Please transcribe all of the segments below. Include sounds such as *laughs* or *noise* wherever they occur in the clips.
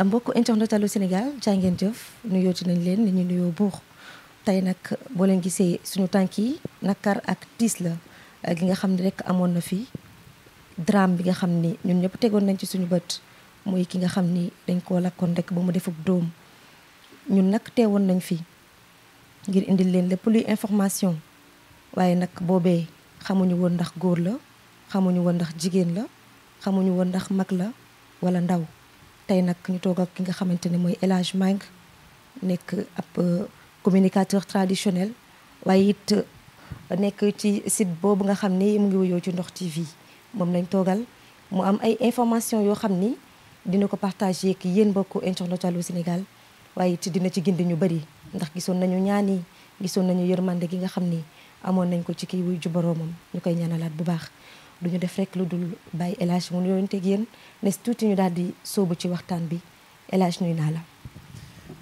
Euh, mbokku internet Allô Sénégal jaa jëf jëf nuyooti nañ leen ni ñu nuyoo buur tey nag boo leen gisee suñu tànk yi nakar ak tiis la euh, gi nga xam ne rek amoon na fi drame bi nga xam ni ñun ñëpp tegoon nañ ci suñu bët muy ki nga xam ni dañ koo lakkoon rek ba mu defub dóom ñun nag teewoon nañ fi ngir indi leen lépp luy information waaye nag boobee xamuñu woon ndax góor la xamuñu woon ndax jigéen la xamuñu woon ndax mag la wala ndaw tey nag ñu toog ak ki nga xamante ne mooy El Hadj nekk ab euh, communicateur traditionnel waaye it euh, nekk ci site boobu nga xam ni mu ngi wuyoo ci Ndokh TV moom lañ toogal mu am ay information yoo xam ni dina ko partage ak yéen mbokku internet wàllu Sénégal waaye it dina ci gindi ñu bëri ndax gisoon nañu ñaan yi gisoon nañu yërmande gi nga xam ni amoon nañ ko ci kii wuy ju moom ñu koy ñaanalaat bu baax duñu def rek lu dul bàyyi El Hadj mu nuyoon teg yéen ne tuuti ñu daal di ci waxtaan bi El Hadj nuyu naa la.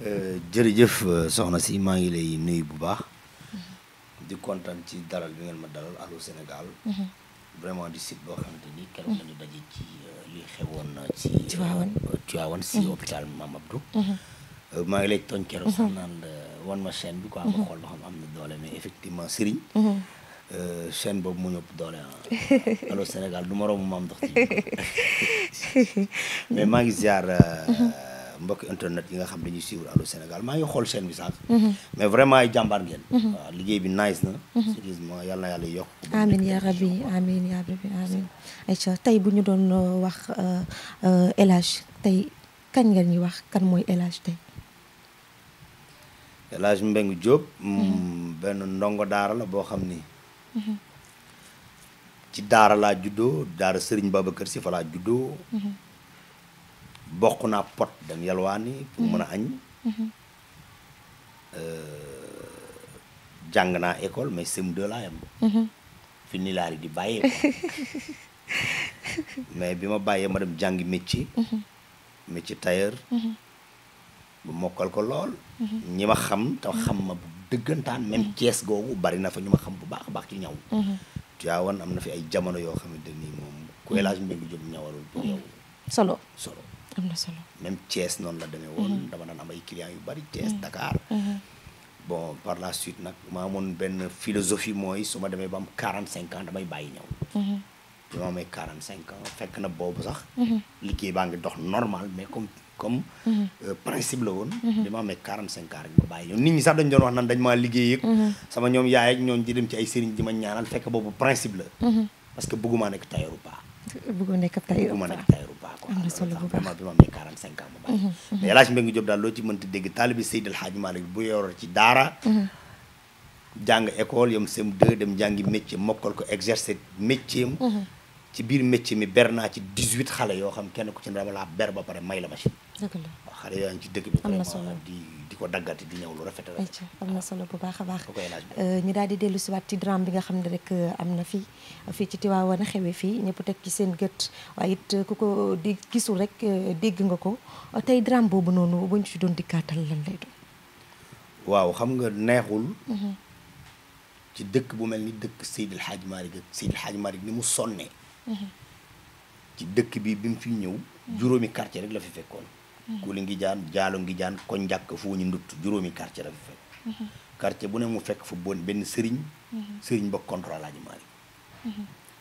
Euh, jërëjëf euh, soxna si maa ngi lay nuyu bu baax. Mm-hmm. di kontaan ci dalal bi ngeen ma dalal Allô Sénégal. Mm-hmm. vraiment di site boo xamante ni keroog nañu mm-hmm. daje ci euh, li xewoon ci. Tivaouane Tivaouane si hôpital Mame Abdou. maa ngi lay tooñ keroog sax naan wan ma chaîne bi quoi. ma xool ba xam am na doole mais effectivement Serigne. Euh, chaîne boobu mu ñëpp doole ah *laughs* Sénégal du moromu maam ndox *laughs* mais maa ngi ziar euh, mhm. mbokki internet yi nga xam dañuy suivre allo Sénégal maa ngi xool chaîne bi sax. Mhm. mais vraiment ay jàmbaar ngeen. Mhm. waaw liggéey bi nice na. sérieusement yal na yàlla yokk. amiin yaa rabbi amiin yaa rabbi amiin. ayca tey bu ñu doon euh, wax El Hadj tey kañ nga ñuy wax kan mooy El Hadj tey. El Hadj Mbengue mm, benn ndongo daara la boo xam ni. ci daara laa juddoo daara sëriñ Babacar si fa laa juddoo bokk naa pot dem yalwaani pour mën a añ euh, jàng naa école mais CM2 laa yam fi ni laari di bàyyee *laughs* mais bi ma bàyyee ma dem jàngi métier métier tailleur mhm. bu mokkal ko lool mhm. ñi ma xam te xam ma bu dëggantaan même mm-hmm. Thiès googu bari fa ñu ma xam bu baax a baax ci ñaw mm-hmm. Tivaouane am na fi ay jamono yoo xamante nii moom ku élage mbéy mi jóg ñawalul pour mm-hmm. yow solo solo am na solo même Thiès noonu la demee woon dama daan am ay clients yu bari Thiès Dakar bon par la suite nag ma amoon benn philosophie mooy su ma demee ba am quarante cinq ans damay bàyyi ñaw bi ma amee quarante cinq ans fekk na boobu sax liggéey baa ngi dox normal mais comme comme mhm. euh, principe la woon bi mhm. ma amee quarante cinq ans rek ma bàyyi ñoom nit ñi sax dañ doon wax nan dañ maa liggéey ak mhm. sama ñoom yaay ak ñoom di dem ci ay sëriñ di ma ñaanal fekk boobu principe la parce que bëgguma nekk tailleur ou pas bëgguma nekk tailleur ou pas bëgguma nekk tailleur ou pas bi ma amee quarante cinq ans ma bàyyi mais El Hadj Mbengue Diop daal loo ci mënti dégg taalibi Seydil Hadji Malick bu yor ci daara jàng école yom sem 2 ba pare may dëgg la xale am na solo di di ko daggati di ñëw a solo bu baax a baax. Euh, ñu daal dellu si waat ci drame bi xam ne rek euh, am na fii fii ci Tivaouane xewee fii ñëpp teg ci seen gët waaye it ko di gisul rek euh, dégg nga ko tey drame boobu noonu buñ ci doon dikkaatal lan waaw xam nga neexul. Mhm. ci dëkk bu mel ni dëkk Seydil Hadj Malick ak Seydil Hadj Malick ni mu sonnee. Mhm. ci dëkk bi bi mu fi ñëw. Mhm. juróomi quartier rek la fi fekkoon. Mm-hmm. Kuli jaan Jaalo ngi Ngijaan ko njàkk foo ñu ndut juróomi quartier la fi fekk mm-hmm. quartier bu ne mu fekk fa bon benn sëriñ mm-hmm. sëriñ ba contrôle Alaaji Maalik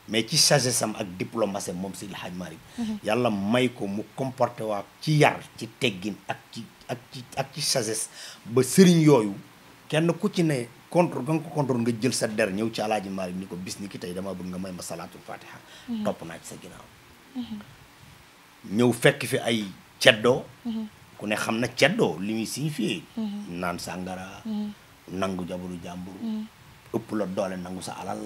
mais ci sagesse am ak diplomatie moom Seydi El Hadji Malick may ko mu comporté waa ci yar ci teggin ak ci ak ci ak ci sagesse ba sëriñ yooyu kenn ku ci ne contre nga nga jël sa der ñëw ci El Hadji Malick ni ko bis ni ki tey dama bëgg nga may ma salaatul fatiha topp naa ci sa ginnaaw ñëw fekk fi ay ceddoo mm-hmm. ku ne xam na ceddoo li muy signifié mm-hmm. naan sàngara mm-hmm. nangu jabaru jàmbur ëpp la doole nangu sa alal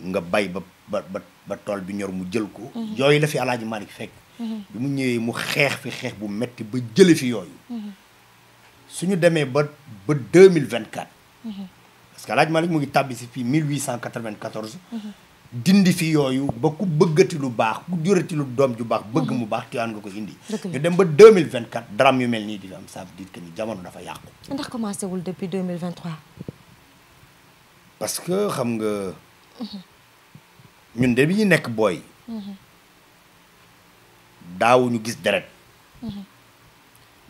nga bay ba ba ba tool bi ñor mu jël ko yooyu la fi alaaji Malick fekk bi mu ñëwee mu xeex fi xeex bu metti ba jële fi yooyu suñu demee ba ba 2024 parce que alaaji Malick mu ngi tàbbi si fii 1894 dindi fi yooyu ba ku bëggati lu baax ku jurati lu doom ju baax bëgg mhm. mu baax Tiwaawan nga ko indi ñu dem ba 2024 dram yu mel nii di fi am ça veut dire que ni jamono dafa yàqu commencé wul depuis 2023 parce que xam nga mhm. ñun de bi ñu nekk booy mhm. daawuñu gis deret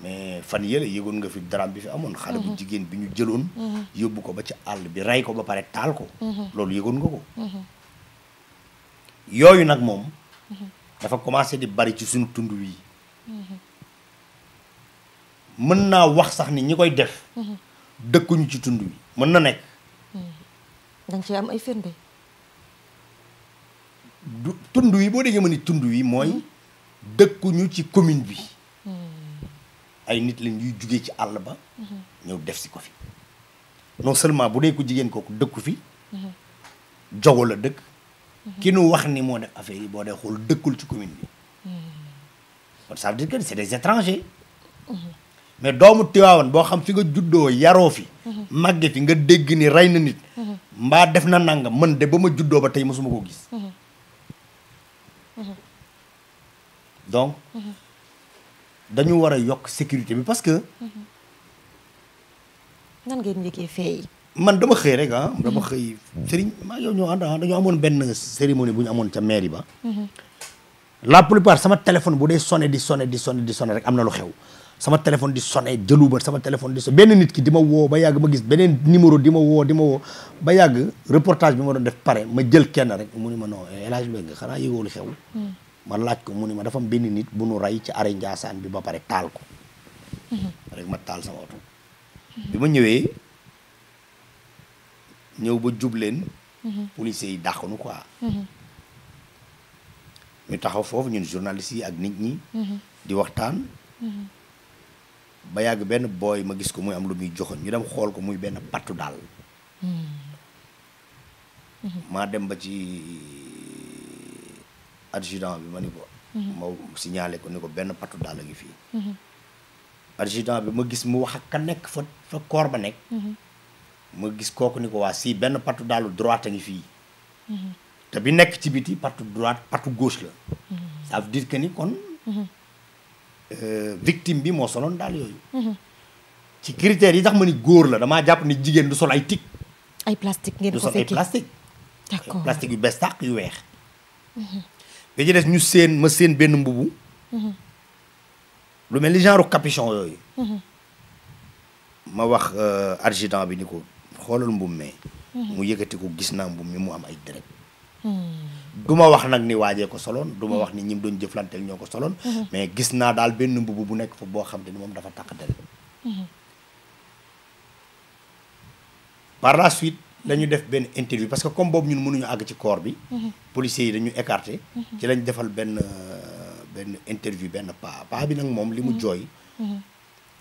mais fan yële yëgoon nga fi drame bi fi amoon xale bu jigéen bi ñu jëloon yóbbu ko ba ci àll bi rey ko ba pare taal ko loolu yëgoon nga ko yooyu nag moom mhm. dafa commencé di bari ci suñu tund wii mhm. mën naa wax sax ni ñi koy def mhm. dëkkuñu ci tund wi mën na nekk dañ ci am ay firnde du tund wi boo déggee ma ni tund wi mooy dëkkuñu ci commune bi ay nit lañ yuy jugee ci àll ba ñëw def si ko fi non seulement bu dee ko jigéen kooku dëkku fi jogo la dëkk ki nu wax ni moo def affaire yi boo dee xool dëkkul ci commune bi hmm. hmm. mais doomu Tiwaawan boo xam fi nga juddoo yaroo fi hmm. màgge fi nga dégg ni rey na nit mbaa def na nangam man de ba ma juddoo ba tey mosuma ko gis donc dañu war a yokk sécurité bi parce que nan ngeen njëkkee fee man dama xëy rek ah dama xëy sëriñ maa yow ñoo ànd ah, dañoo amoon benn cérémonie bu ñu amoon ca mairie ba mhm. la plupart sama téléphone bu dee sone di sonné di sonné di sonné rek am na lu xew sama téléphone di sonné jëlu ba sama téléphone di sonné benn nit ki di ma woo ba yàgg ma gis beneen numéro di ma woo di ma woo ba yàgg reportage bi ma doon def pare ma jël kenn rek mu ni ma non eh, El Hadj Mbengue xanaa yëgoo lu xew mm. ma laaj ko mu ni ma dafa am benn nit bu nu rey ci arrêt Ndiassane bi ba pare taal ko mhm. rek ma taal sama ma ñëwee ñëw ba jub leen. Mhm. police yi dàq nu quoi. Mhm. ñu taxaw foofu ñun journaliste yi ak nit ñi. Mhm. di waxtaan. ba yàgg benn booy ma gis ko muy am lu muy joxoñ ñu dem xool ko muy benn pattu daal. maa dem ba ci euh, adjudant bi ma ni ko. ma signalé ko ni ko benn pattu daal a ngi fii. adjudant bi ma gis mu wax ak ka nekk fa koor ba nekk. ma gis kooku ni ko waa si benn patu daalu droite a ngi fii mhm. te bi nekk ci biti patu droite patu gauche la mhm. ça veut ko que ni kon mhm. euh, victime bi moo soloon daal yooyu ci critères yi tax ma ni góor la damaa jàpp ni jigéen du sol ay tig ay plastique ngeen ko fekkee du yu bees tàq yu weex ba ci ñu seen ma seen benn mbubu lu mel ni genre capuchon yooyu ma wax euh, argidant bi ni ko xoolal mbubb mee mhm. mu yëkkati ko gis naa mbubb mi mu am ay deret hmm. du ma wax nag ni waajee ko soloon duma hmm. wax ni ñim doon jëflanteel ñoo ko soloon mhm. mais gis naa daal benn mbubb bu nekk fa boo xam te ni moom dafa taq deret mhm. par la suite lañu def benn interview parce que comme boobu ñun mënuñu àgg ci koor bi policiers yi dañu écarté ci lañ defal benn euh, benn interview benn paa paa bi nag moom li mu jooy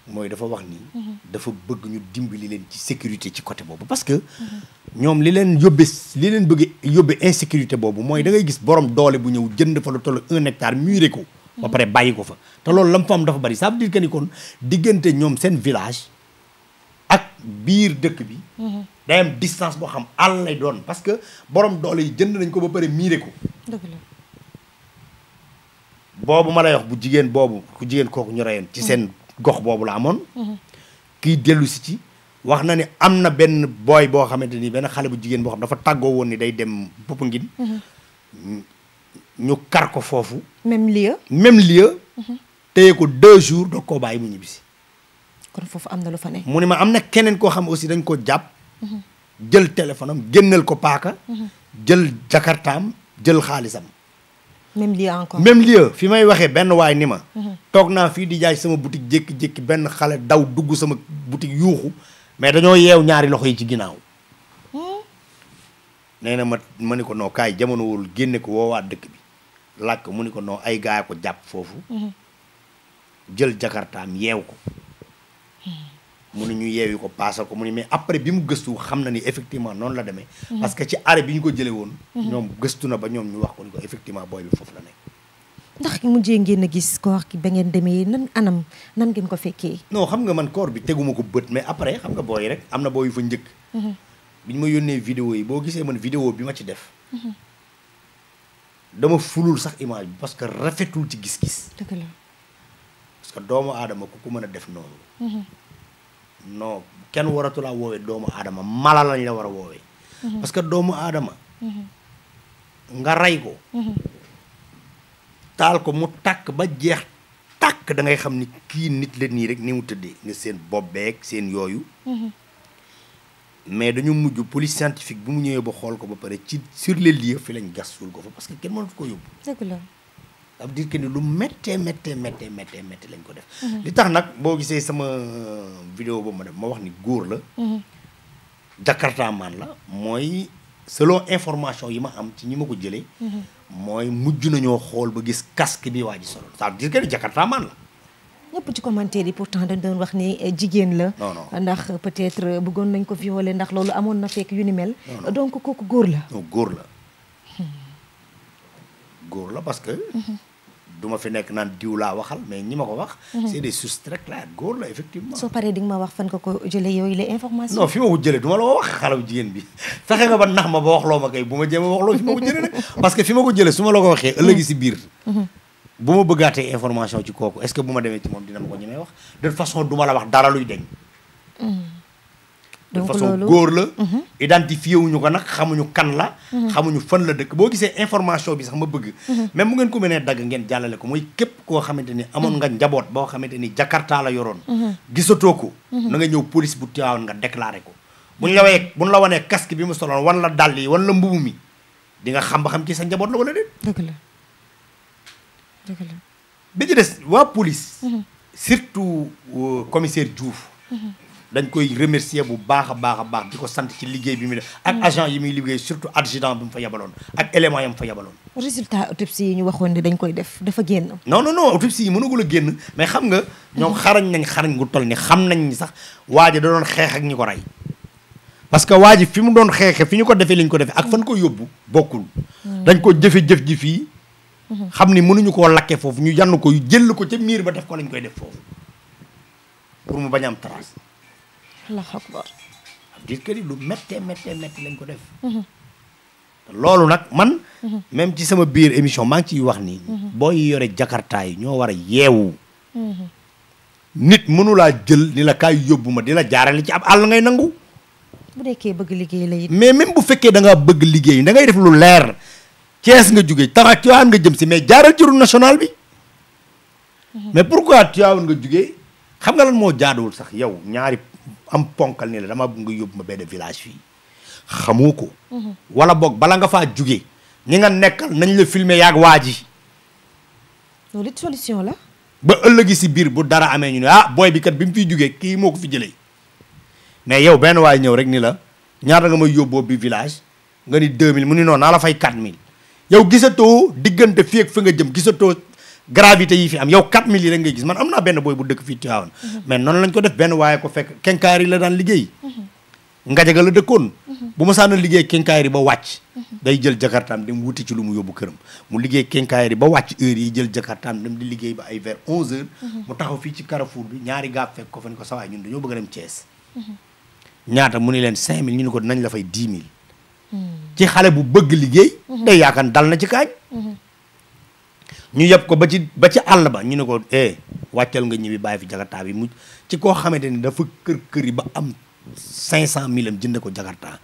mooy dafa wax ni. Mhm. dafa bëgg ñu dimbali leen ci sécurité ci côté boobu parce que. Mhm. ñoom li leen yóbbe li leen bëgg yóbbe insécurité boobu mooy da ngay gis borom doole bu ñëw jënd fa lu toll un hectare muré ko. ba mhm. pare bàyyi ko fa te loolu lam fa am dafa bari ça veut dire que ni kon diggante ñoom seen village ak biir dëkk bi. day am distance boo xam àll lay doon parce que borom doole yi jënd nañ ko ba pare muré ko. dëgg la. boobu ma lay wax bu jigéen boobu ku jigéen kooku ñu reyoon ci seen. gox boobu la amoon. Mhm. kii dellu ci. wax na ne am na benn booy boo xamante ni benn xale bu jigéen boo xam dafa tàggoo woon ni day dem bopp ngin mhm. ñu kar ko foofu. même lieu. même lieu. Mhm. téye ko deux jours doog koo bàyyi mu ñibbisi. kon foofu am na lu fa ne. mu ne ma am na keneen koo xam aussi dañ ko jàpp. jël téléphone génneel ko paaka. jël jakartaam jël xaalisam. même lieu encore même lieu fi may waxee benn waay ni ma. Mhm. toog naa fii di jaay sama boutique jékki-jékki benn xale daw dugg sama boutique yuuxu mais dañoo yeew ñaari loxo yi ci ginnaaw. Hmm? nee na ma ma ni ko noo kaay jamono wul génne ko woowaat dëkk bi laaj mu ni ko noo ay gaay ko jàpp foofu. Mhm. jël jakartaam yeew ko. Hmm. mënuñu yeewi ko paasal ko mu ni mais après bi mu gëstu xam na ni effectivement noonu la demee. parce que ci arrêt bi ñu ko jëlee woon. ñoom gëstu na ba ñoom ñu wax ko ni ko effectivement booy bi foofu la nekk. ndax mujjee ngeen a gis koor ki ba ngeen demee nan anam nan ngeen ko fekkee. non xam nga man koor bi teguma ko bët mais après xam nga booy rek am na booy yu fa njëkk. Mhm. bi ñu ma yónnee vidéo yi boo gisee man vidéo bi ma ci def. Mhm. dama fulul sax image bi parce que rafetul ci gis-gis. dëgg doomu aadama ku ko mën a def noonu. Mhm. non kenn waratulaa woowee doomu aadama mala lañ la war a woowee. Mhm. parce que doomu aadama. Mhm. nga rey ko. Mhm. taal ko mu tàkk ba jeex tàkk da ngay xam ni kii nit la nii rek ni mu tëddee nga seen bopp beeg seen yooyu. mais dañu mujj police scientifique bu mu ñëwee ba xool ko ba pare ci sur les lieux fi lañ gas suul ko fa parce que kenn mënatu ko yóbbu. ça veut dire que ni lu méttee méttee méttee méttee méttee lañ ko def. Mhm. li tax nag boo gisee sama vidéo boobu ma def ma wax ni góor la. Mhm. Jakarta man la mooy selon information yi ma am ci ñi ma ko jële mhm. mooy mujj nañoo xool ba gis kaski bi waa ji solo ça veut dire que ni Jakarta man la. ñëpp ci commentaire yi pour pourtant dañ doon wax ni eh, jigéen la. ndax peut bëggoon nañ ko violer ndax loolu amoon na fekk yu ni mel. donc kooku góor la. góor la. Hmm. góor la parce que. du ma fi nekk naan diw waxal mais ñi ma ko wax. Mhm. c' est des sources góor la effectivement. soo paree di ma wax fan ko ko jëlee yooyu la information. fi ma ko jëlee du *laughs* a *laughs* parce que fi ma ko jëlee su ma la ko waxee. ëllëgi mhm. si biir. Mhm. bu ma bëggaatee information ci kooku est ce que bu ma demee ci moom dina ma ko ñemee wax de façon du la wax dara luy deñ de façon góor la mhm. identifié ko nag xamuñu kan la mhm. xamuñu fan la dëkk boo gisee information bi sax ma bëgg mais mhm. mu ngeen ko mënee dagg ngeen jàllale ko mooy képp koo xamante ni amoon nga njaboot boo xamante ni jakarta la yoroon gisatoo ko na nga ñëw police bu Tivaouane nga déclaré ko buñ la wayee buñ la wanee casque bi mu soloon wan la dàll yi wan la mbubu mi di nga xam ba xam ci sa njaboot la wala déet dëgg la dëgg la bi ci des waa police surtout euh, commissaire Diouf dañ koy remercier bu baax a baax a baax di ko sant ci liggéey bi muy def ak mm. agent yi muy liggéey surtout adjudant bi mu fa yabaloon ak élément yi mu fa yabaloon résultat autopsie yi ñu waxoon ne dañ koy def dafa génn non non non autopsie yi mënagul a génn mais xam nga ñoom xarañ nañ xarañ gu toll ni xam nañ ni sax waaja da xeex ak ñi ko rey parce que waa ji fi mu doon xeexe fi ñu ko defee li ko defee ak fan ko yóbbu bokkul mm. dañ ko jëfe-jëf ji fii mm-hmm. xam ni mënuñu ko lakke foofu ñu yann ko jël ko ca miir ba def ko lañ koy def foofu pour mu bañ am trace allahu akbar dire que lu méttee méttee métti ko def mhm. loolu nag man mhm. même ci sama biir émission maa ngi ciy wax ni mhm. boo yore jakartaa yi ñoo war a yeewu nit mënulaa jël ni la kaay yóbbu ma di la li ci ab àll ngay nangu bu nekkee bëgg liggéey la it mais même bu fekkee da bëgg liggéey da ngay def lu leer Cees nga jóge taxa Tiwaawan nga jëm si mais jaaral ci national nationale bi mais pourquoi Tiwaawan nga jóge xam nga lan moo jaaduwul sax yow ñaari am ponkal ni la dama bëgg nga yóbbu ma benn village fii xamoo ko wala boog bala nga faa jugee ñi nga nekkal nañ la filme yaag waa ji loolu it ba ëllëgi si biir bu dara amee ñu ne ah booy bi kat bi mu fiy jugee kii moo ko fi jëlee mais yow benn waay ñëw rek ni la ñaata nga may yóbboo bi village nga ni mil mu ni noonu naa la fay 4000 yow gisatoo diggante fii fi nga jëm gisatoo gravité yi fi am yow 4000 yi rek ngay gis man am naa benn booy bu dëkk fii Tivaouane mhm. mais noonu lañ ko def benn waaye ko fekk kenkaar yi la daan liggéey mhm. ngajaga la dëkkoon mhm. bu ma saana liggéey kenkaayri ba wàcc day jël jakartaam dem wuti ci lu mu yóbbu këram mu liggéey kenkaayri ba wàcc heure yi jël jakartaam di liggéey ba ay vers 11 heures mu taxaw fii ci Carrefour bi ñaari gaab fekk ko fa ni ko sawaay ñun dañoo bëgg dem Thiès ñaata mu ni leen 5000 ñu ne ko nañ la fay 10 000 ci xale bu bëgg liggéey day yaakaar dal na ci kaañ ñu yeb ko ba ci ba ci àll ba ñu ne ko eh wàccal nga ñibbi bàyyi fi jakarta bi mu ci koo xamante ni dafa kër kër yi ba am cinq cent mille am jënd ko jakarta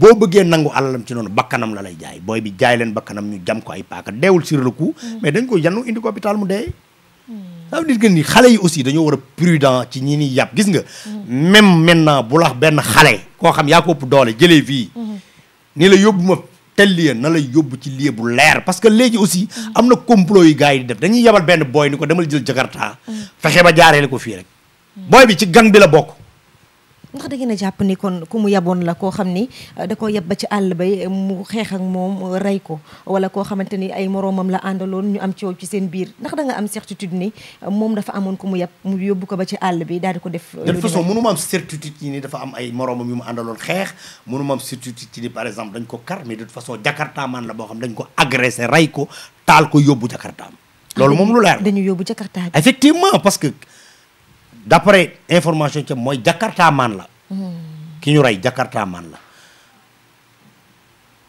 boo bëggee nangu alalam ci noonu bakkanam la lay jaay booy bi jaay leen bakkanam ñu jam ko ay paaka deewul sur le coup mm. mais dañ ko yanu indi ko hôpital mu dee mm. ça veut dire que ni xale yi aussi dañoo war a prudent ci ñi nii yàpp gis nga mm. même maintenant bu lax benn xale koo xam yaa ko ëpp doole jëlee fii nii la yóbbu ma te lieu na la yóbbu ci lieu bu leer parce que léegi aussi am na complot yu gars yi di def dañuy yabal benn booy ni ko demal jël jakarta mm. fexe ba jaareele ko fii rek booy bi ci gan bi la bokk ndax da a jàpp ni kon ku mu yaboon la koo euh, ko yab ba euh, koo xamante ni ay moroomam la àndaloon ñu am coow ci seen biir ndax da am certitude ni euh, moom dafa amoon ku mu yab mu yóbbu ko ba ci àll bi daal di ko def de toute façon mënuma am certitude yi ni dafa am ay moroomam yu mu àndaloon xeex mënuma am certitude yi ni par exemple dañ ko kar mais de toute façon jakarta man la boo xam dañ ko agressé rey ko taal ko yóbbu jakartaam loolu moom lu leer dañu yóbbu jakarta bi effectivement parce que d'après information ca mooy Jakarta man la. Hmm. ki ñu rey Jakarta man la.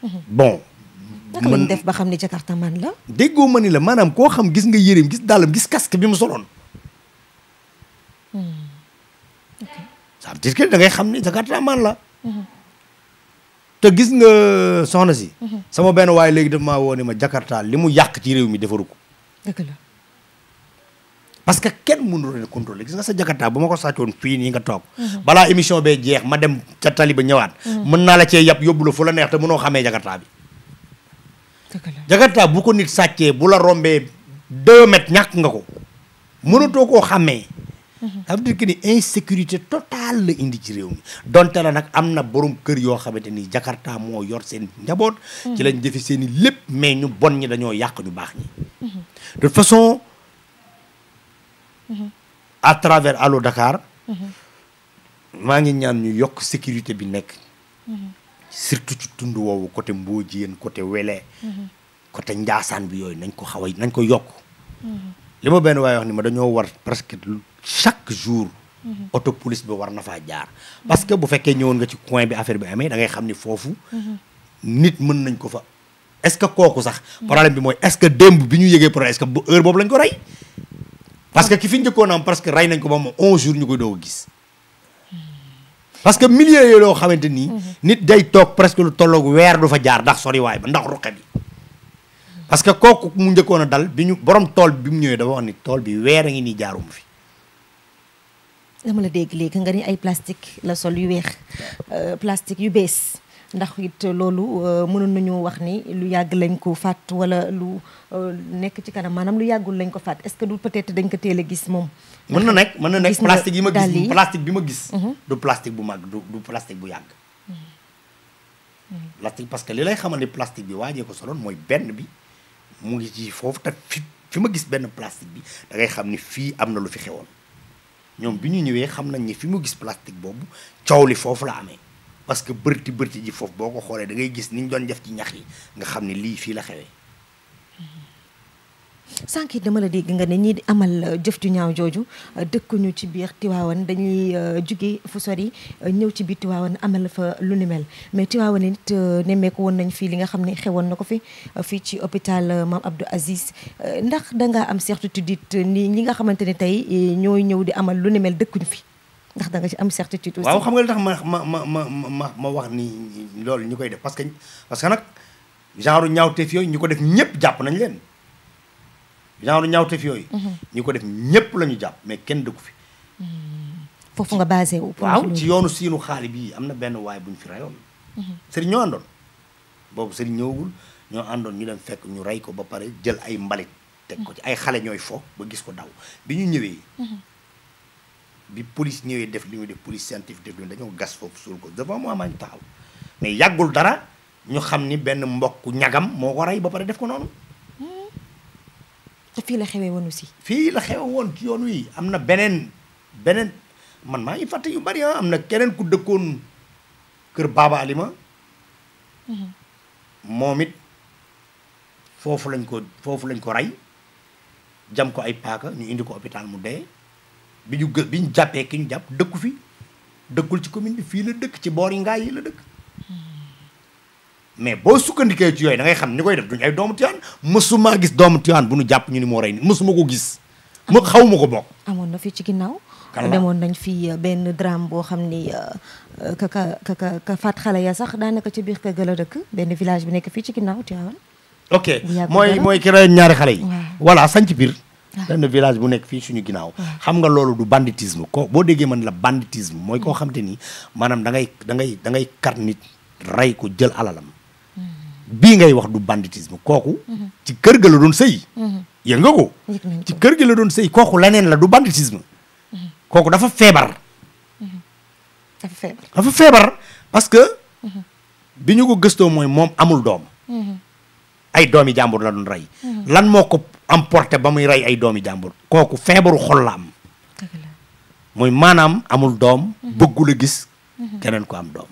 Hmm. bon. xam ne Jakarta déggoo ma ni la maanaam koo xam gis nga yéreem gis dàllam gis casque bi mu soloon. Hmm. ça veut dire que xam ne Jakarta man gis nga soxna si. sama benn waaye léegi daf maa woo ma Jakarta li mu yàq ci réew mi defaru parce que kenn mënul leen contrôler gis nga sa jakarta bu ma ko sàccoon fii nii nga toog mhm. balaa émission bee jeex ma dem ca tali ba ñëwaat mhm. mën naa la cee yàpp yóbbu la fu la neex te mënoo xamee jakarta bu ko nit sàccee bu la rombee deux mètres ñàkk nga ko mënatoo koo xàmmee mhm. ça veut dire que ni insécurité totale la indi ci réew mi donte la nag am na borom kër yoo xamante ni jakarta moo yor seen njaboot ci lañ defe seeni lépp mais ñu bon ñi dañoo yàq ñu baax ñi à travers Allo Dakar. Mhm. maa ngi ñaan ñu yokk sécurité bi nekk. Mhm. surtout ci tund woowu côté Mbodjeen côté Wele. Mhm. côté Njaasaan bi yooyu nañ ko xaw a nañ ko yokk. li ma benn waaye wax ni ma dañoo war presque chaque jour. auto police war na faa jaar. parce que bu fekkee ñëwoon nga ci coin bi affaire bi amee da ngay xam ni foofu. nit mën nañ ko fa. est-ce que kooku sax. problème bi mooy est-ce que démb bi ñu yëgee problème est-ce heure boobu lañ ko rey. parce que ki fi njëkkoon am parce que rey nañ ko ba mu 11 jours ñu koy doog a gis. parce que milieu yooyu loo xamante ni. nit day toog presque lu tolloog weer du fa jaar ndax soriwaay ba ndax ruqe bi. parce que kooku mu njëkkoon a dal bi ñu borom tool bi mu ñëwee dafa wax ni tool bi weer a ngi nii jaaruma fi. dama la dégg léegi nga ni ay plastique la sol yu weex euh, plastique yu bees. ndax it loolu euh, mënoon nañu wax ni lu yàgg lañ ko fàtt wala lu euh, nekk ci kanam maanaam lu yàggul lañ ko fàtt est-ce du peut-être ko teel a gis moom mën na mën na nekk plastique yi ma gis plastique bi ma gis mhm. du plastique bu mag bu yàgg mhm. plastique parce que li lay xamal ni plastique bi waajee ko soloon mooy benn bi mu ngi ci foofu te fi ma gis benn plastique bi da xam ni fii am na lu fi xewoon ñoom bi ñu ñëwee xam nañ ni fi mu gis plastique boobu coow li foofu la amee parce que bërti bërti ji foofu boo ko xoolee da ngay gis ni doon def ci ñax yi nga xam ni lii fii la xewee. Mm-hmm. sànq it dama la dégg nga ne ñii di amal euh, jëf ju ñaaw jooju euh, dëkkuñu ci biir Tiwaawan dañuy euh, jóge fu sori ñëw ci biir Tiwaawan amal fa lu ni mel mais Tiwaawan it nemmeeku woon nañ fii li nga xam ne xewoon na ko fi fii ci hôpital Mame Abdou Aziz ndax danga am certitude it ni ñi nga xamante ne tey eh, ñooy ñëw di amal lu ni mel dëkkuñu fi. ndax da nga ci am certitude waaw xam nga li tax ma ma ma ma ma ma wax ni loolu ñu koy def parce que parce que nag genre ñaawteef yooyu ñu ko def ñëpp jàpp nañ leen genre ñaawteef yooyu mhm. ñu ko def ñëpp la ñu jàpp mais kenn dëkku fi hmm. foofu nga basé wu waaw ci yoonu siinu xaali bii am na benn waay bu ñu fi rayoon mhm. sëriñ ñoo àndoon boobu sëriñ ñëwagul ñoo àndoon ñu dem fekk ñu rey ko ba pare jël ay mbalit teg ko ci ay xale ñooy fo ba gis ko daw bi ñu ñëwee mhm. bi police ñëwee def li ñuy def police scientifique dañoo gas foofu suul ko devant moi maa ngi taxaw mais yàggul dara ñu xam ni benn mbokk ñagam moo ko rey ba pare def ko noonu. te fii la xewee woon aussi. fii la xewe woon ci yoon wii am na beneen beneen man maa ngi fàtte yu bari ah, am na keneen ku dëkkoon kër Baba Alima. Mhm. moom it foofu lañ ko foofu lañ ko rey jam ko ay paaka ñu indi ko hôpital mu dee. bi ñu gë bi ñu jàppee ki ñu jàpp dëkku fi dëkkul ci commune bi fii la dëkk ci boor yi ngaay yi la dëkk mais boo sukkandikee ci yooyu da xam ni koy def duñ ay doomu Tiwaawan mësumaa gis doomu Tiwaawan bu nu jàpp ñu ni moo rey nit mësuma ko gis ma xaw ma ko bokk amoon na fii ci ginnaaw demoon nañ fi euh, benn drame boo xam ni euh, ka ka ka ka faat xale ya sax daanaka ci biir kër ga la dëkk benn village bi nekk fii ci ginnaaw Tiwaawan ok mooy mooy ki ñaari xale yi voilà sanc biir benn village bu nekk fii suñu ginnaaw xam nga loolu du banditisme ko boo déggee man la banditisme mooy koo mm. xam te ni maanaam da da ngay da ngay kar nit rey ko jël alalam mm. bii ngay wax du banditisme kooku mm-hmm. ci kër ga la doon sëy mm-hmm. yëg nga ko ci kër gi la doon sëy kooku leneen la du banditisme mm-hmm. kooku dafa feebar dafa feebar parce que bi ñu ko gëstoo mooy moom amul doom ay doomi jàmbur la doon rey mm-hmm. lan moo ko emporté ba muy rey ay doomi jàmbur kooku feebaru xol la am mooy maanaam amul doom mm-hmm. bëggul a gis mm-hmm. keneen ko am doom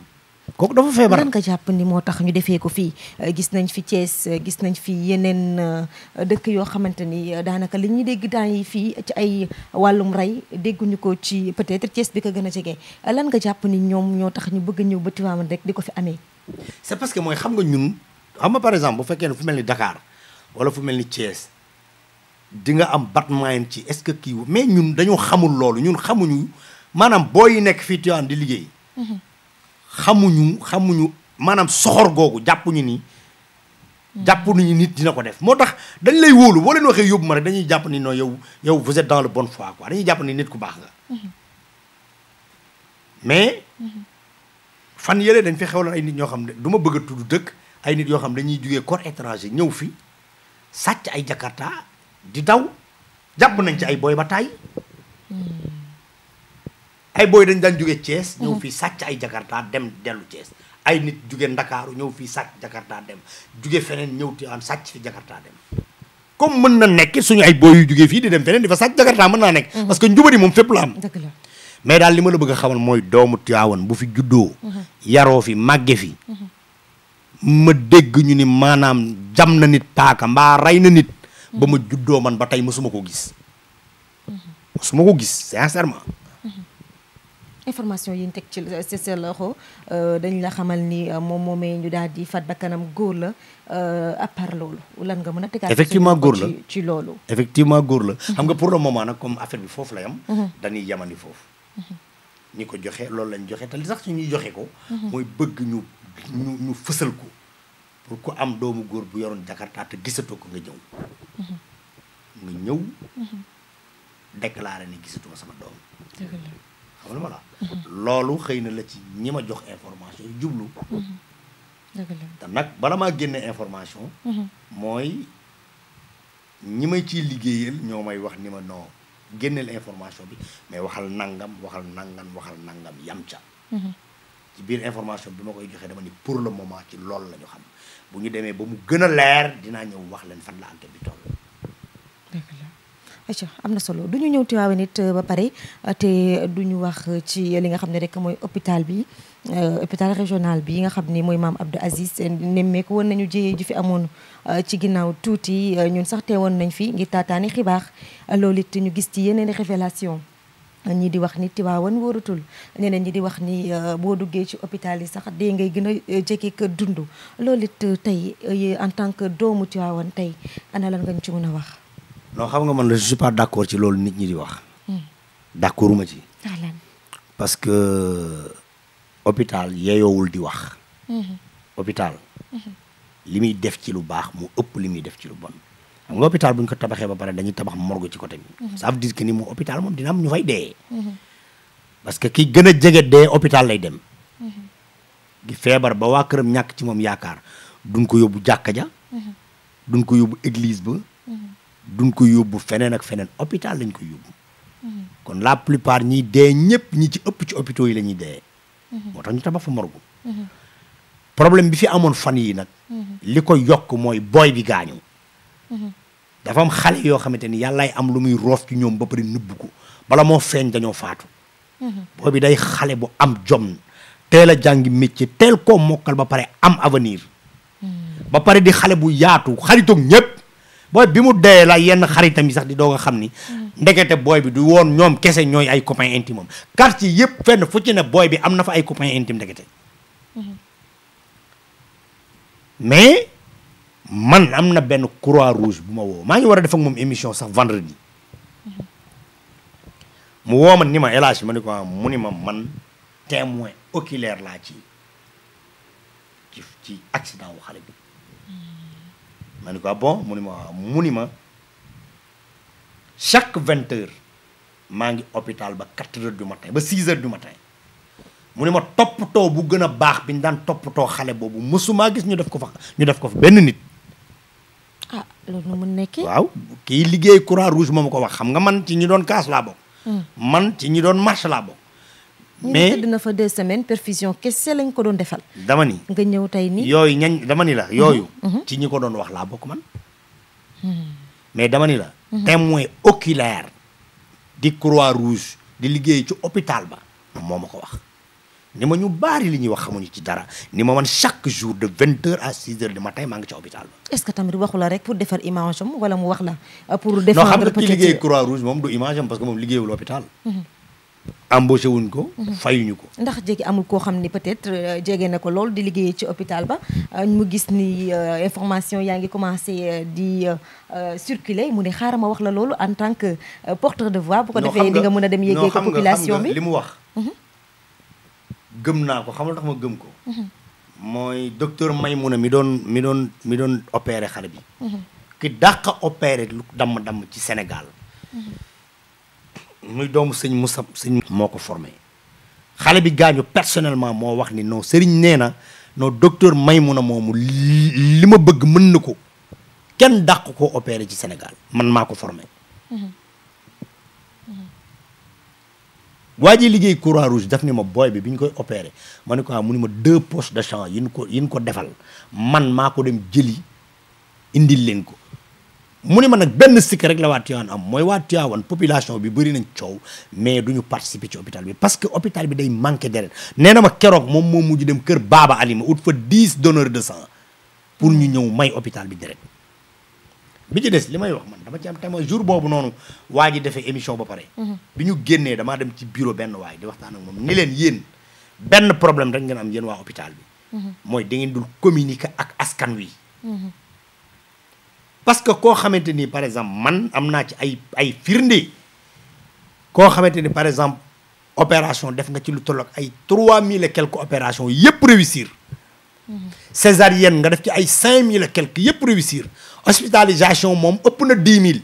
kooku dafa feebar lan nga jàpp ni moo tax ñu defee ko fii euh, gis nañ fi Thiès euh, gis nañ fi yeneen euh, dëkk yoo xamante ni daanaka li dégg temps yi fii ay wàllum rey dégguñu ko ci peut-être Thiès bi ko gën a jege lan nga jàpp ni ñoom ñoo tax ñu bëgg ñëw ba Tivaouane rek di ko fi amee. c'est parce que mooy xam nga ñun xam nga par exemple bu fekkee ne fu mel ni Dakar wala fu mel ni Thiès di nga am batmayen ci est-ce que kii mais ñun dañu xamul loolu ñun xamuñu maanaam boo yi nekk fii Tivaouane di liggéey mhm. xamuñu xamuñu maanaam soxor googu jàppuñu nii mhm. jàpp nañu nit dina ko def moo tax dañ lay wóolu boo leen waxee yóbbu ma rek dañuy jàpp ni non yow yow vous êtes dans le bonne foi quoi dañuy ni nit ku baax nga mhm. mais fan yële dañ fi xewlan ay nit ñoo xam ne du bëgg a tudd dëkk ay nit yoo xam dañuy jugee corps étranger ñëw fi sàcc ay jakarta di daw jàpp nañ ci ay booy ba hmm. ay booy dañ daan jugee Thiès. ñëw hmm. fii sàcc ay jakarta dem dellu Thiès ay nit jugee ndakaaru ñëw fii sàcc jakarta dem jugee feneen ñëw Tiwaawan sàcc fi jakarta dem comme mën na nekk su suñu ay booy yu jugee fii di dem feneen di fa sàcc jakarta mën naa nekk hmm. parce que njubadi moom fépp la am mais daal li ma la bëgg a xamal mooy doomu Tiwaawan bu fi juddoo yaroo fi màgge fi ma dégg ñu ni maanaam jam na nit paaka mbaa rey na nit ba ma mm-hmm. juddoo man ba tey mosuma ko gis mosuma ko gis sincèrement mm-hmm. information yi ñu teg ci sa loxo euh, dañ la xamal ni euh, moom moomee ñu daal di fat bakkanam góor la euh, à part loolu lan nga mën a tegaat effectivement góor la ci loolu effectivement góor la mm-hmm. xam nga pour le comme affaire bi foofu la yam ko joxe loolu lañ joxe te sax su ñuy joxe ko mooy bëgg ñu ñu ñu fësal ko pour ku am doomu góor bu yoroon jakarta te gisatoo ko nga ñëw mm-hmm. nga ñëw mm-hmm. déclaré ne gisatuma sama doom mm-hmm. loolu xëy na la ci ñi ma jox information yu jublu te nag bala maa génne information mooy ñi may ciy liggéeyal ñoo may wax ni ma non génneel information bi mais waxal nangam waxal nangam waxal nangam yam ca ci biir information bi ma koy joxee dama ni pour le moment ci loolu la xam bu ñu demee ba mu gën a leer dinaa ñëw wax leen fan laa enquête am na solo du ñu ñëw Tivaouane nit euh, ba pare euh, te du ñu wax euh, ci li nga xam ne rek mooy hôpital bi hôpital régional bi nga xam ni mooy maam Abdou Aziz nemmeeku woon nañu jëyee ji fi amoon ci ginnaaw tuuti ñun sax woon nañ fi ngir taataani xibaax loolu it ñu gis ci yeneen révélation ñi di wax ni Tiwaawan wóorutul ñeneen ñi di wax ni euh, boo duggee ci hôpital yi sax dee ngay gën a euh, jege kër dund loolu it euh, tey en tant que doomu Tiwaawan tey ana lan nga ñu ci mën a wax. non xam nga man je suis pas d' accord ci loolu nit ñi di wax. Hmm. d' accord ma ci. Ah, parce que hôpital yeyoowul di wax. Hmm. hôpital. Hmm. li muy def ci lu baax mu ëpp li muy def ci lu bon. xam nga hôpital bu ñu ko tabaxee ba pare dañu tabax morgue ci ko bi. Mhm. ça veut dire que ni mu hôpital moom dina am ñu fay dee. Mhm. parce que ki gën a jege dee hôpital lay dem. di mhm. feebar ba waa këram ñàkk ci moom yaakaar duñ ko yóbbu jàkka ja. duñ ko yóbbu église ba. duñ ko yóbbu feneen ak feneen hôpital lañ ko yóbbu. kon la plupart ñiy dee ñëpp ñi ci ëpp ci hôpitaux yi la ñuy dee. moo tax ñu tabax fa morgue. problème bi fi amoon fan yi nag. li ko yokk mooy booy bi gaañu. Mm-hmm. dafa am xale yoo xamante ni yàllaay am lu muy roof ci ñoom ba pare nëbb ko bala moo feeñ dañoo faatu mm-hmm. bi day xale bu am jom teel a jàngi métier teel koo mokkal ba pare am avenir mm-hmm. ba pare di xale bu yaatu xaritoog ñëpp booy bi mu dee la yenn xaritam yi sax di doog a xam ni ndekete booy bi du woon ñoom kese ñooy ay copain intime am quartier yëpp fenn fu ci ne booy bi am na fa ay copain intime ndekete mais man am na benn croix rouge bu ma woo maa ngi war a def moom émission sax vendredi mu woo ma ni ma élage ma ni ko ah, mu ni ma man témoin oculaire laa ci ci ci accident wu xale bi ma ni ko ah bon mu ni ma ah, mu ni ma chaque vingt heures maa ngi hôpital ba quatre heures du matin ba six heures du matin mu ni ma toppatoo bu gën a baax bi ñu daan toppatoo xale boobu mësumaa gis ñu def ko fa ñu def ko fa benn nit ah loolu nu mu nekkee. waaw kii liggéey croix rouge moom ko wax xam nga man ci ñi doon kaas laa bokk. Hmm. man ci ñi doon marche laa bokk. mais ñu tëdd na fa deux semaines perfusion lañ ko doon defal. dama ni nga ñëw tey yooyu ñañ dama la hmm. yooyu. Hmm. ci ñi ko doon wax laa bokk man. mais dama la la. témoin oculaire di croix rouge di liggéey ci hôpital ba. moo ma ko wax. ni ma ñu baari li ñuy wax xamuñu ci dara ni ma man chaque jour de vingt heures à six heures du matin maa ngi ca hôpital ba. est ce que tamit waxu la rek pour defar image am mu wax la. Euh, pour défendre non xam nga ki liggéey croix rouge mm-hmm. mm-hmm. ko. ndax jege amul koo xam ni peut-être euh, jege na ko lool di liggéey ci hôpital ba euh, mu gis ni information yaa ngi commencé di circuler mu ne xaaral ma wax la loolu en tant que porteur de voix. bu ko defee di nga mën a dem yéegee ko population bi li mu wax. Mm-hmm. gëm naa ko xamul tax ma gëm ko. Mhm. mooy docteur Maymouna mi doon mi doon mi doon opéré xale bi. Mhm. ki dàq opéré lu damm-damm ci Sénégal. Mhm. muy doomu sëñ Moussa sëñ. moo ko formé xale bi gaañu personnellement moo wax ni noo sëriñ nee na noo may docteur Maymouna moomu li ma bëgg mën na ko kenn dàq ko opéré ci Sénégal man maa ko formé. waa ji liggéey croix rouge daf ni ma booy bi bi ñu koy opéré ma ne ko ah mu ni ma deux poches de sang yin ko yin ko defal man maa ko dem jëli indil leen ko mu ni ma nag benn sikk rek la waa Tivaouane am mooy waa Tivaouane population bi bëri nañ coow mais du ñu participer ci hôpital bi parce que hôpital bi day manqué deret nee na ma keroog moom moo mujj dem kër Baaba ma ut fa 10 donneurs de sang pour ñu ñëw may hôpital bi deret bi ci des li may wax man dama ci am tama jur boobu noonu waa ji defee émission ba pare mhm. bi ñu génnee damaa dem ci bureau benn waay di waxtaan ak moom ni leen yéen benn problème rek ngeen am yéen waa hôpital bi mhm. mooy da ngeen dul communiquer ak askan wi mhm. parce que koo xamante ni par exemple man am naa ci ay ay firnde koo xamante ni par exemple opération def nga ci lu tolloog ay trois mille et quelques opérations yëpp réussir césarienne nga def ci ay cinq mille et quelques yëpp réussir hospitalisation moom ëpp na dix mille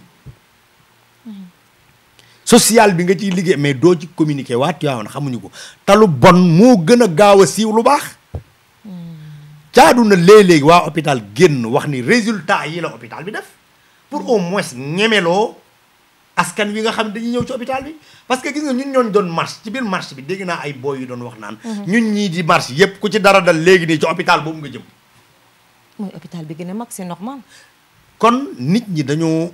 social bi nga ciy liggéey mais doo ci communiquer waa Tivaouane xamuñu ko te bon moo gën a gaaw a siiw lu baax jaadu na léeg-léegi waa hôpital génn wax ni résultat yi la hôpital bi def pour au moins ñemeloo askan wi nga xam dañuy ñëw ci hôpital bi parce que gis nga ñun ñooñ doon marche ci biir marche bi dégg naa ay booy yu doon wax naan mhm. ñu ñii di marche yépp ku ci dara dal léegi nii ci hôpital boobu nga jëm mooy hôpital bi kon nit ñi dañoo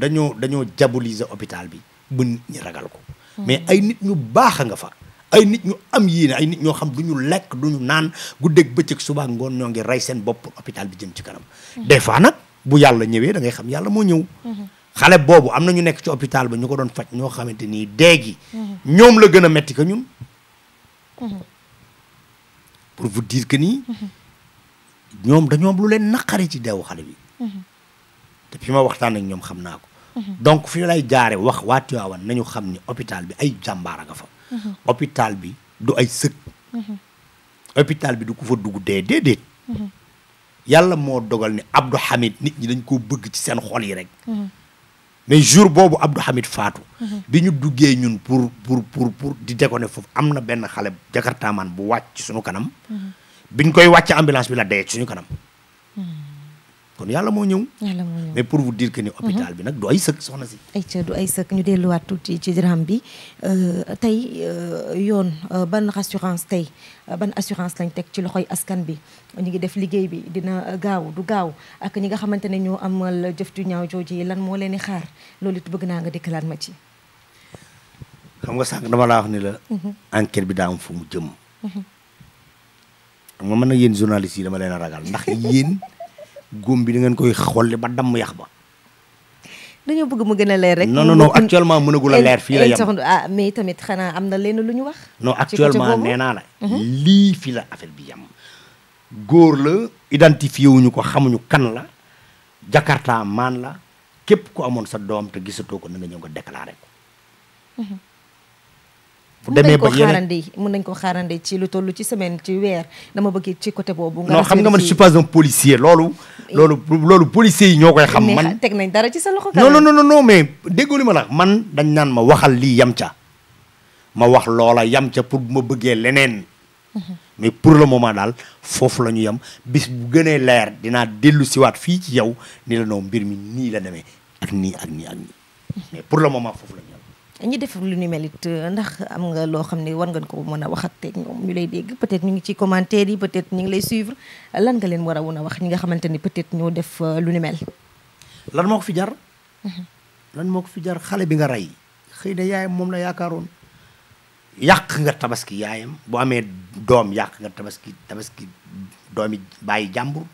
dañoo dañoo diaboliser hôpital bi ba nit ñi ragal ko hmm. mais ay nit ñu baax a nga fa ay nit ñu am yéene ay nit ñoo xam du ñu lekk du ñu naan guddeeg bëccëg subaa ngoon ñoo ngi rey seen bopp hôpital bi jëm ci kanam hmm. des fois nag bu yàlla ñëwee da ngay xam yàlla moo ñëw hmm. xale boobu am na ñu nekk ci hôpital ba ñu ko doon faj ñoo xamante nii déegi ñoom la gën a metti que ñun pour vous dire que nii ñoom dañoo lu leen naqari ci deewu xale bi te fi ma waxtaan ak ñoom xam naa ko. donc fi lay jaare wax waa Tiwaawan nañu xam ni hôpital bi ay jàmbaar a nga fa. hôpital bi du ay sëg. hôpital bi du ko fa dugg dee déedéet. yàlla moo dogal ni Abdou Hamid nit ñi dañ koo bëgg ci seen xol yi rek. mais jour boobu Abdou Hamid faatu. bi ñu duggee ñun pour pour pour pour di déconner foofu am na benn xale jakartaamaan bu wàcc ci suñu kanam. biñ koy wàcc ambulance bi la dee ci suñu kanam. kon yàlla moo ñëw. yàlla moo ñëw mais pour vous dire que ni. hôpital mhm. bi nag du ay sëkk soxna si. ay ca du ay sëkk ñu delluwaat tuuti ci diram bi euh, tey euh, yoon euh, ban assurance tey ban assurance lañ teg ci loxoy askan bi ñu ngi def liggéey bi dina gaaw du gaaw ak ñi nga xamante ne ñoo amal jëf ju ñaaw jooju yi lan moo leen di xaar loolu it bëgg naa nga dikkalaat ma ci. xam nga sànq dama laa wax ni la. Mhm. enquête bi daa am fu mu jëm. Mhm. xam nga man nag yéen journaliste yi dama leen a góom bi da ngeen koy xolli ba damm yax ba. dañoo bëgg mu gën a leer rek. non non non actuellement mënagul a leer fii la yem ah mais tamit xanaa am na lenn lu ñu wax. non actuellement nee naa la. Mhm. lii fii la affaire bi yem. góor la identifié wuñu ko xamuñu kan la. Jakarta maan la képp ku amoon sa doom te gisatoo ko na nga ñëw nga déclaré ko. Mhm. bu demee ba yeneen mën nañ ko xaarandi ci lu toll ci semaine ci weer dama bëggee ci côté boobu. nga xam nga man je suis pas un policier loolu. loolu loolu policiers yi ñoo koy xam. man teg nañ dara ci sa loxo. non non non non mais déggoo li ma la man dañ naan ma waxal lii yam ca ma wax loola yam ca pour ma bëggee leneen. Mhm. mais pour le moment daal foofu la ñu yam bis bu gënee leer dinaa dellu siwaat fii ci yow ni la noo mbir mi nii la demee ak nii ak nii ak nii mhm. mais pour le moment foofu la ñi def lu ni mel it ndax am nga loo xam ne war nga ko mën a waxat te ñoom ñu lay dégg peut-être ñu ngi ci commentaire yi peut-être ñu ngi lay suivre lan nga leen war a wan a wax ñi nga xamante ni peut-être ñoo def euh, lu ni mel. lan moo ko fi jar. Mhm. lan moo ko fi jar xale bi nga rey. xëy na yaayam moom la yaakaaroon. yàq nga tabaski yaayam bu amee doom yàq nga tabaski tabaski doomi bàyyi jàmbur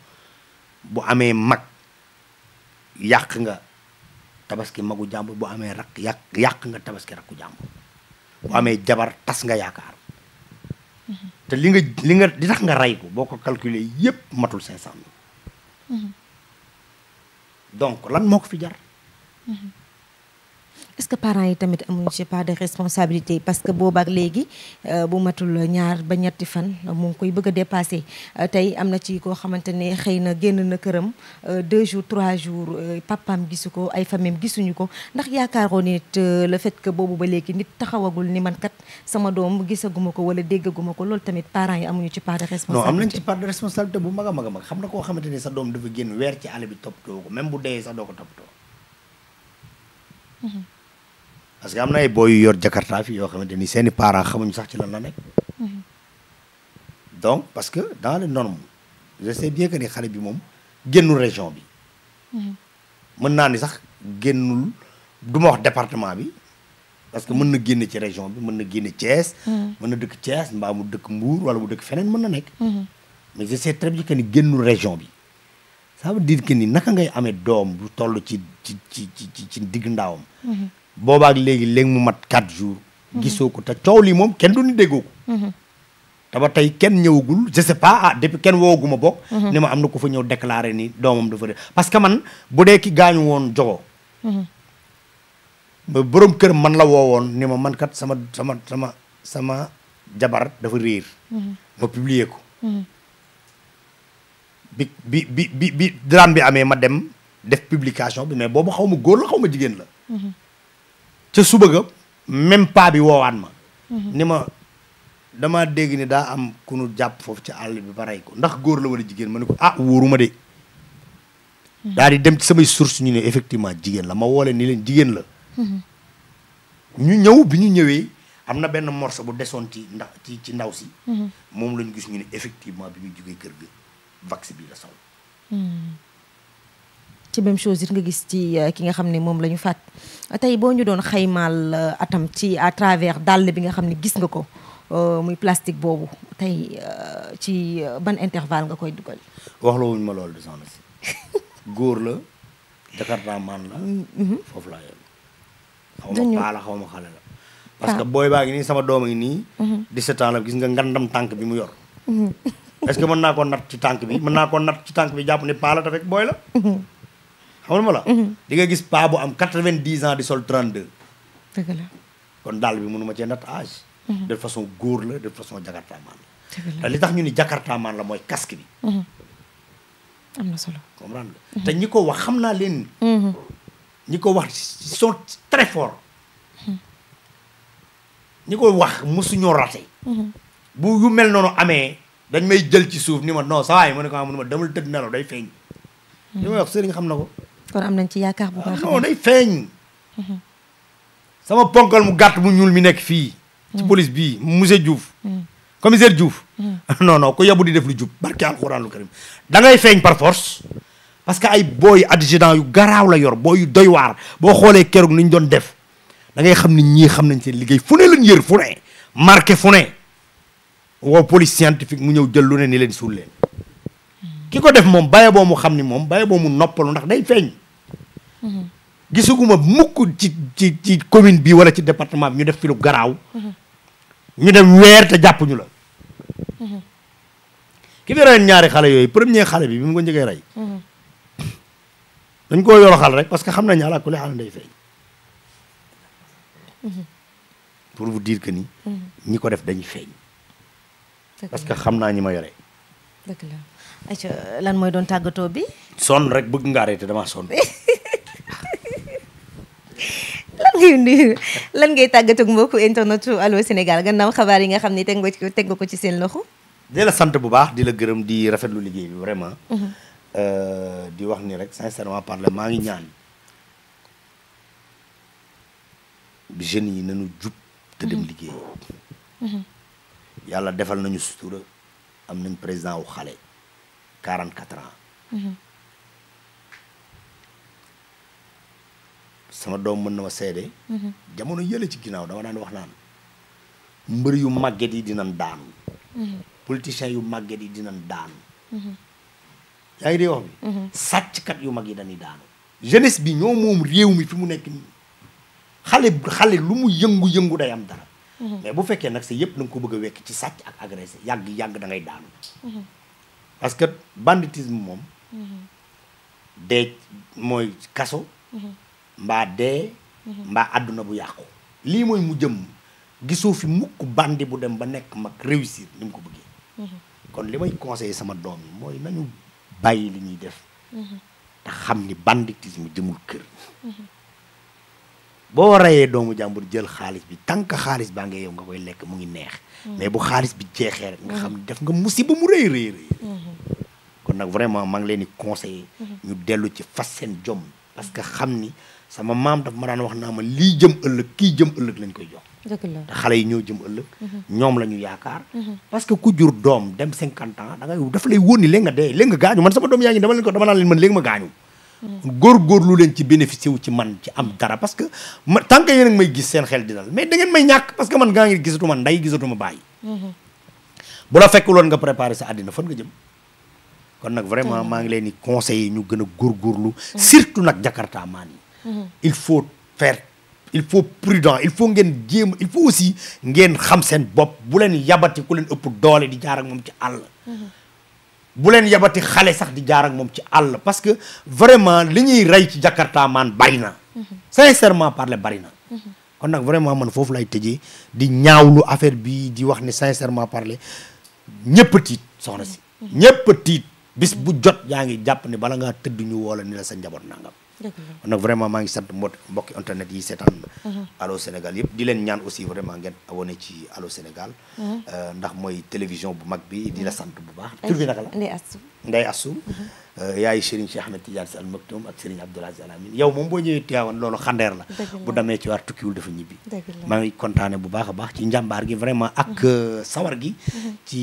bu amee mag yàq nga. tabaski magu jàmbur bu amee rakk yàq yàq nga tabaski rakku jàmbur bu amee jabar tas nga yaakaar mm-hmm. te li nga li nga di tax nga ray ko boo ko calculer yépp matul cinq cent mm-hmm. donc lan moo ko fi jar mm-hmm. est-ce que parents yi tamit amuñu ci part de responsabilité parce que boobaak léegi euh, bu matul ñaar ba ñetti fan mu koy bëgg a dépassé euh, tey am na ci koo xamante ne xëy na génn na këram euh, deux jours trois jours papaam gisu ko ay famem gisuñu ko ndax yaakaaroo nit le fait que boobu ba léegi nit taxawagul ni man kat sama doom gisaguma ko wala déggaguma ko loolu tamit parents yi amuñu ci part de responsabilité non am nañ ci part de bu mag a mag a mag xam na koo xamante ne sa doom dafa bu dee sax doo parce que am na ay booy yu yor jakarta fi yoo xamante ni seeni parents xamuñu sax ci lan la nekk. Mm-hmm. donc parce que dans les non je sais bien que ni xale bi moom génnu région bi. Mm-hmm. mën naa ni sax génnul du ma wax département bi parce que mën na génne ci région bi mën na génne Thiès. Mm-hmm. mën na dëkk Thiès mbaa mu dëkk Mbour wala mu dëkk feneen mën na nekk. mais je sais très ni génnul région bi. ça veut dire que ni naka ngay amee doom bu toll ci ci ci ci ci digg ndaawam. ak léegi léegi mu mat 4 jours. gisoo ko te coow li moom kenn du ni déggoo ko. Mhm. te ba tey kenn ñëwagul je sais pas ah depuis kenn wooguma ma bokk. Mhm. ni ma am na ko fa ñëw déclaré ni doomam dafa de parce que man bu dee gaañu woon jogo. Mhm. ba borom kër man la woowoon ni ma man kat sama sama sama sama jabar dafa réer. ma publier ko. bi bi bi bi bi bi amee ma dem def publication bi mais boobu xaw ma góor la xaw ma jigéen la. ca suba ga même pas bi woowaat ma. ni ma damaa dégg ni daa am ku nu jàpp foofu ci àll bi ba rey ko ndax góor la wala jigéen ma ne ko ah wóoruma de. daal di dem ci samay source ñu ne effectivement jigéen la ma woole nii leen jigéen la. ñu ñëw bi ñu ñëwee am na benn morceau bu desoon ci ndax ci ci ndaw si. Mhm. moom lañu gis ñu ne effectivement bi muy jógee kër gi vaccin bi la sol mhm. ci même chose it nga gis ci euh, ki nga xam ne moom la ñu faat tey boo ñu doon xaymaal euh, atam ci à travers dàll bi nga xam ne gis nga ko euh, muy plastique boobu tey ci ban intervalle nga koy dugal. wax la wuñ ma loolu de soxna si góor la jakarta man la. Mm-hmm. foofu laa yem. xaw ma paa la xaw ma xale la. parce que booy baa ngi nii sama doom a ngi nii. 17 mm-hmm. ans la gis nga ngandam tànk bi mu yor. Mm-hmm. est-ce que mën naa koo natt ci tànk bi mën naa koo natt ci tànk bi jàpp ne paa la te xamal ma mhm. di nga gis paa bu am quatre-vingt-dix ans di sol trente-deux. bi mënu cee natt âge. Mhm. de góor la de façon li tax ni jakartaamaan la mooy casque bi. Mhm. am na ñi ko wax xam naa leen. ñi ko wax ils sont très forts. ñi ko wax mosuñoo raté. bu yu mel noonu amee dañ may jël ci suuf ni ma non saa yi ma ne ko ah ma demal tëdd nelaw day feeñ. li may wax sëriñ xam na ko. kon am nañ ci yaakaar bu baax. non day feeñ. Mhm. sama ponkal mu gàtt mu ñuul mi nekk fii. ci mhm. police bii monsieur Diouf. Mhm. commissaire Diouf. *laughs* non non ku yebu di def lu jub barki alxuraanul karim da ngay feeñ par force. parce que ay booy adjudant yu garaaw la yor booy yu doy waar boo xoolee keroog ni ñu doon def da ngay xam ni ñii xam nañ seen liggéey fu ne lañ yër fu ne marqué fu police scientifique mu ñëw jël lu ne ni leen suul leen. ki ko def moom bàyyi boo mu xam ni moom bàyyi boo mu noppalu ndax day feeñ. Mhm. gisuguma mukk ci ci ci commune bi wala ci département bi ñu def fi lu garaaw. Mhm. ñu dem weer te jàppuñu la. Mhm. ki fi reyoon ñaari xale yooyu premier xale bi bi mu ko njëkkee rey. parce que xam nañ ala kulli xaal day feeñ. ni. ko def parce que xam naa ñi ma yore. lan mooy doon tàggatoo bi. sonn rek bëgg nga arrêté damaa sonn. *laughs* lan ngay nuyu lan ngay tàggatoog mbokku Sénégal gannaaw xabaar yi nga xam ne teg nga ko teg ko ci seen loxo. di la sant bu baax di la gërëm di rafetlu liggéey bi vraiment. Mhm. Euh, di wax ni rek sincèrement parler maa ngi ñaan jeunes yi nañu jub. te dem mhm. liggéey. Mhm. yàlla defal nañu sutura am nañ président wu xale. 44 ans. Mm-hmm. sama doom mën na ma seede. Mm-hmm. jamono yële ci ginnaaw dama daan wax naan mbër yu màgget yi dinañ daanu. Mm-hmm. politiciens yu màgget yi dina daanu. yaa ngi bi. sàcckat yu mag yi dañuy daanu. bi ñoo moom réew fi mu nekk nii xale xale lu mu yëngu-yëngu day am dara. mais bu fekkee nag sa yëpp na nga ko bëgg a wekk ci sàcc ak agressé yàgg yàgg da daanu. parce que banditisme moom mhm. dee mooy kaso mhm. mbaa dee mhm. mbaa àdduna bu yàqu lii mooy mu jëm gisoo fi mukk bandi bu dem ba nekk mag réussir ni mu ko bëggee kon li may conseillé sama doom yi mooy nañu bàyyi li ñuy def te xam ni banditisme jëmul kër boo rayee doomu jàmbur jël xaalis bi tant que xaalis baa nga yow nga koy lekk mu ngi neex mm. mais bu xaalis bi jeexee rek nga mm. xam ne def nga musiba mu rëy rëy rëy mm-hmm. kon nag vraiment maa leen di conseiller mm-hmm. dellu ci fas seen jom parce xam ni sama maam daf ma daan wax naa lii jëm ëllëg kii jëm ëllëg lañ koy jox dëgg la te mm-hmm. la ñu yaakaar parce que jur doom dem cinquante ans da ngay lay wóor ni léegi nga dee léegi nga gaañu man sama doom yaa ngi dama leen ko dama naan leen man léegi ma gaañu góorgóorlu leen ci bénéficier wu ci man ci am dara parce que ma tant a ngi may gis seen xel di dal mais da ngeen may ñàkk parce que man gaa ngi gisatuma nday gisatuma bàyyi. Mm-hmm. bu la fekkuloon nga préparé sa àddina fan nga jëm. kon nag vraiment mm-hmm. maa ngi leen di ñu gën a góorgóorlu. surtout nag Jakarta maan mm-hmm. il faut faire il faut prudent il faut ngeen jéem il faut aussi ngeen xam seen bopp bu leen yabati ku leen ëpp doole di jaar moom ci àll. bu leen yabati xale sax di jaar ak moom ci àll parce que vraiment li ñuy rey ci Jakarta maan bari na sincèrement parle bari na kon nag vraiment man foofu lay tëjee di ñaawlu affaire bi di wax ne sincèrement parler ñëpp tiit soxna si ñëpp tiit bis bu jot yaa ngi jàpp ni bala ngaa tëdd ñu woola ni la sa njaboot nangam kon nag vraiment maa ngi sant mbo mbokki internet yi seetaan allo Sénégal yëpp di leen ñaan aussi vraiment ngeen abonné ci allo Sénégal mhm. euh, ndax mooy télévision bu mag bi di la sant bu baax tur Ndeye Assou. Euh, yaay Serigne Cheikh Ahmed Tidiane Sy Al Maktoum ak Serigne Abdoul Aziz Al Amine yow moom boo ñëwee Tivaouane loolu xandeer la. bu demee ci waar tukkiwul dafa ñibbi. maa kontaane bu baax a baax ci njàmbaar gi vraiment ak mm-hmm. euh, sawar gi. Mm-hmm. ci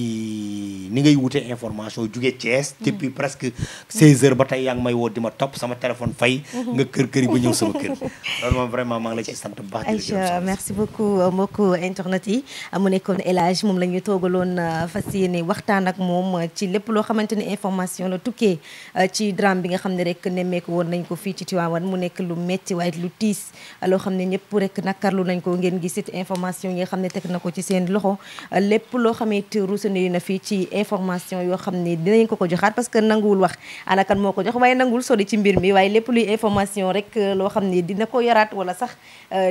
ni ngay wute information jugee Thiès. Mm-hmm. depuis presque 16h ba tey yaa ngi may woo di ma topp sama téléphone fay. nga kër kër yi ba ñëw sama kër. *laughs* loolu moom vraiment maa ngi la ci sant bu baax. Aïcha merci beaucoup euh, mbokku internet yi mu nekkoon El Hadj moom la ñu toogaloon fas yéene waxtaan ak moom ci lépp information la tukkee euh, ci drame bi nga xam ne rek nemeek woon nañ ko fii ci Tivaouane mu nekk lu metti waaye lu tiis euh, loo xam ne ñëpp rek lu nañ ko ngeen gis it information yi nga xam ne teg na ko ci seen loxo euh, lépp loo xam ne it na fii ci information yoo xam ne dinañ ko ko joxaat parce que nanguwul wax ana moo ko jox waaye nanguwul sori ci mbir mi waaye lépp luy information rek loo xam ne dina ko yoraat wala sax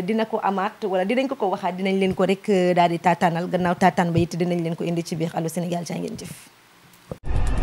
dina ko amaat wala dinañ ko ko waxaat dinañ leen ko rek daal di taataanal gannaaw taataan ba it dinañ leen ko indi ci biir Allô Sénégal jaa ngeen jëf